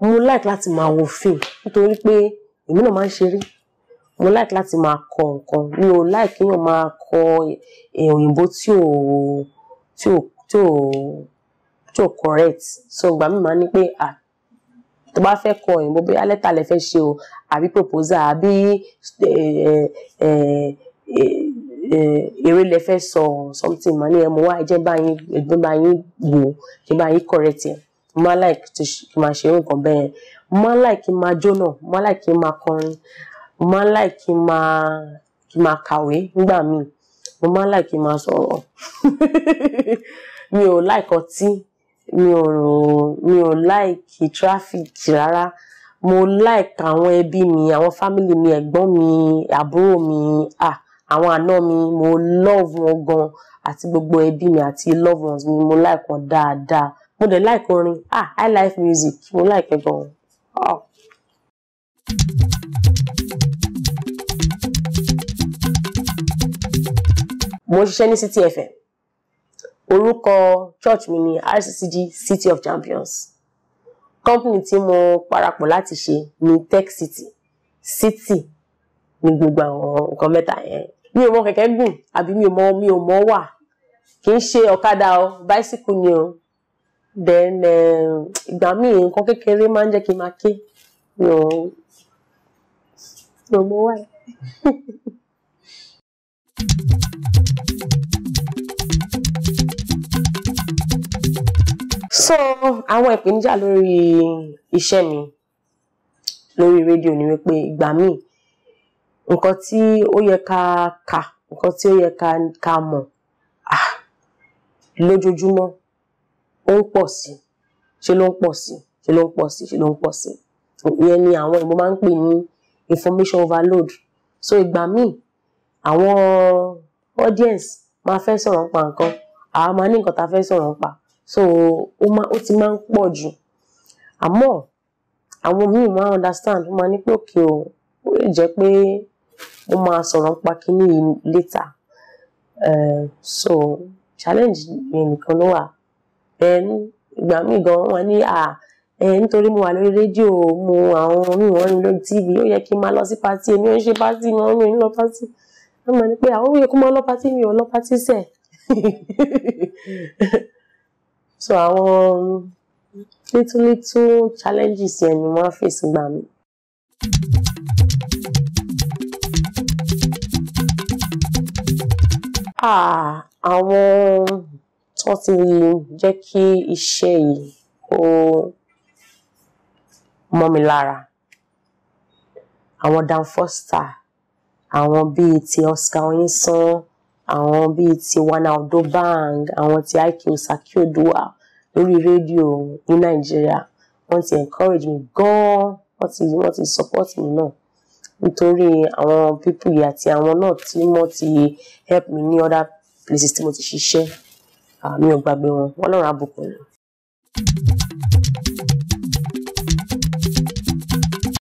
mo like láti máa wo film nítorí pé èmi náà máa ń ṣeré mo like láti máa kọ nǹkan mi ò like kéèyàn máa kọ òyìnbó tí ò tí ò tí ò tí ò correct so ìgbà mi máa ní pé ah tó bá fẹ́ kọ òyìnbó bí alẹ́ta lè fẹ́ ṣe o àbí proposal àbí eh, eh, eh, eré eh, lẹ fẹ́ sọ something mà ní ẹ mọ̀ wá ẹ jẹ́ báyìí ẹgbẹ́ báyìí wò ṣe báyìí correct yẹn má like to máa ṣe nǹkan bẹ́ẹ̀ má like máa jóná má like máa kọrin má like máa kí máa kàwé nígbà míì mo má like máa sọ̀rọ̀ mi ò like ọtí mi ò mi ò like traffic rárá mo like àwọn ẹbí mi àwọn family mi ẹ̀gbọ́n mi àbúrò mi ah àwọn àná mi mo love wọn gan àti gbogbo ẹbí mi àti love ones mi mo like wọn dáadáa mo dẹ̀ like orin ah i like music mo like ẹ gan. Oh. Ah. mo ṣiṣẹ́ ní City FM orúkọ church mi ni RCCG City of Champions company tí mo parapọ̀ láti ṣe ní Tech City City ní gbogbo àwọn nǹkan mẹ́ta yẹn mi ò mọ kẹ̀kẹ́ gùn àbí mi ò mọ mi ò mọ wà kì í ṣe ọ̀kadà o báísíkù ni o then eh, ìgbà míì nǹkan kékeré máa ń jẹ́ n máa ké mi ò mi ò mọ wà. so àwọn ìpèníjà lórí iṣẹ́ mi lórí rédíò ni wípé ìgbà míì nǹkan tí ó yẹ ká kà nǹkan tí ó yẹ ká ká mọ̀ ah lójoojúmọ́ ó ń pọ̀ sí ṣe ló ń pọ̀ sí ṣe ló ń pọ̀ sí ṣe ló ń pọ̀ sí ìyẹn ni àwọn ìbò máa ń pè ní information overload so ìgbà míì àwọn audience máa fẹ́ sọ̀rọ̀ nípa nǹkan àwa máa ní nǹkan tá a fẹ́ sọ̀rọ̀ nípa so ó máa ó ti máa ń pọ̀ jù àmọ́ àwọn míì máa understand wọ́n máa ní pé òkè o ó lè jẹ́ pé mo máa sọ̀rọ̀ nípa kíní yìí later eh, so challenge yẹn nìkan ló wà then ìgbà míì gan wọn ní à ẹ nítorí mo wà lórí rédíò mo àwọn míì wọn ní lórí tv ó yẹ kí n máa lọ sí pátì èmi ò ń ṣe pátì mi wọn ní lọ pátì wọn máa ní pé àwọn òye kó máa lọ pátì mi ò lọ pátì sẹ so àwọn little little challenges yẹn ni wọn á fèsì gbà mí. Àwọn tó ti jẹ́ kí iṣẹ́ yìí kó mọ́ mi lára àwọn Dan Foster àwọn bíi ti Oscar Oyinsán àwọn bíi ti Wana Odobang àwọn ti IK Sakyiodua lórí rédíò ní Nàìjíríà wọ́n ti encourage mi gan-an wọ́n ti wọ́n ti support me náà nítorí àwọn people yìí àti àwọn náà tí wọ́n ti help me ní other places tí mo ti ṣiṣẹ́ àmì ah, ò gbàgbé wọn Ọlọ́run á bùkún ni.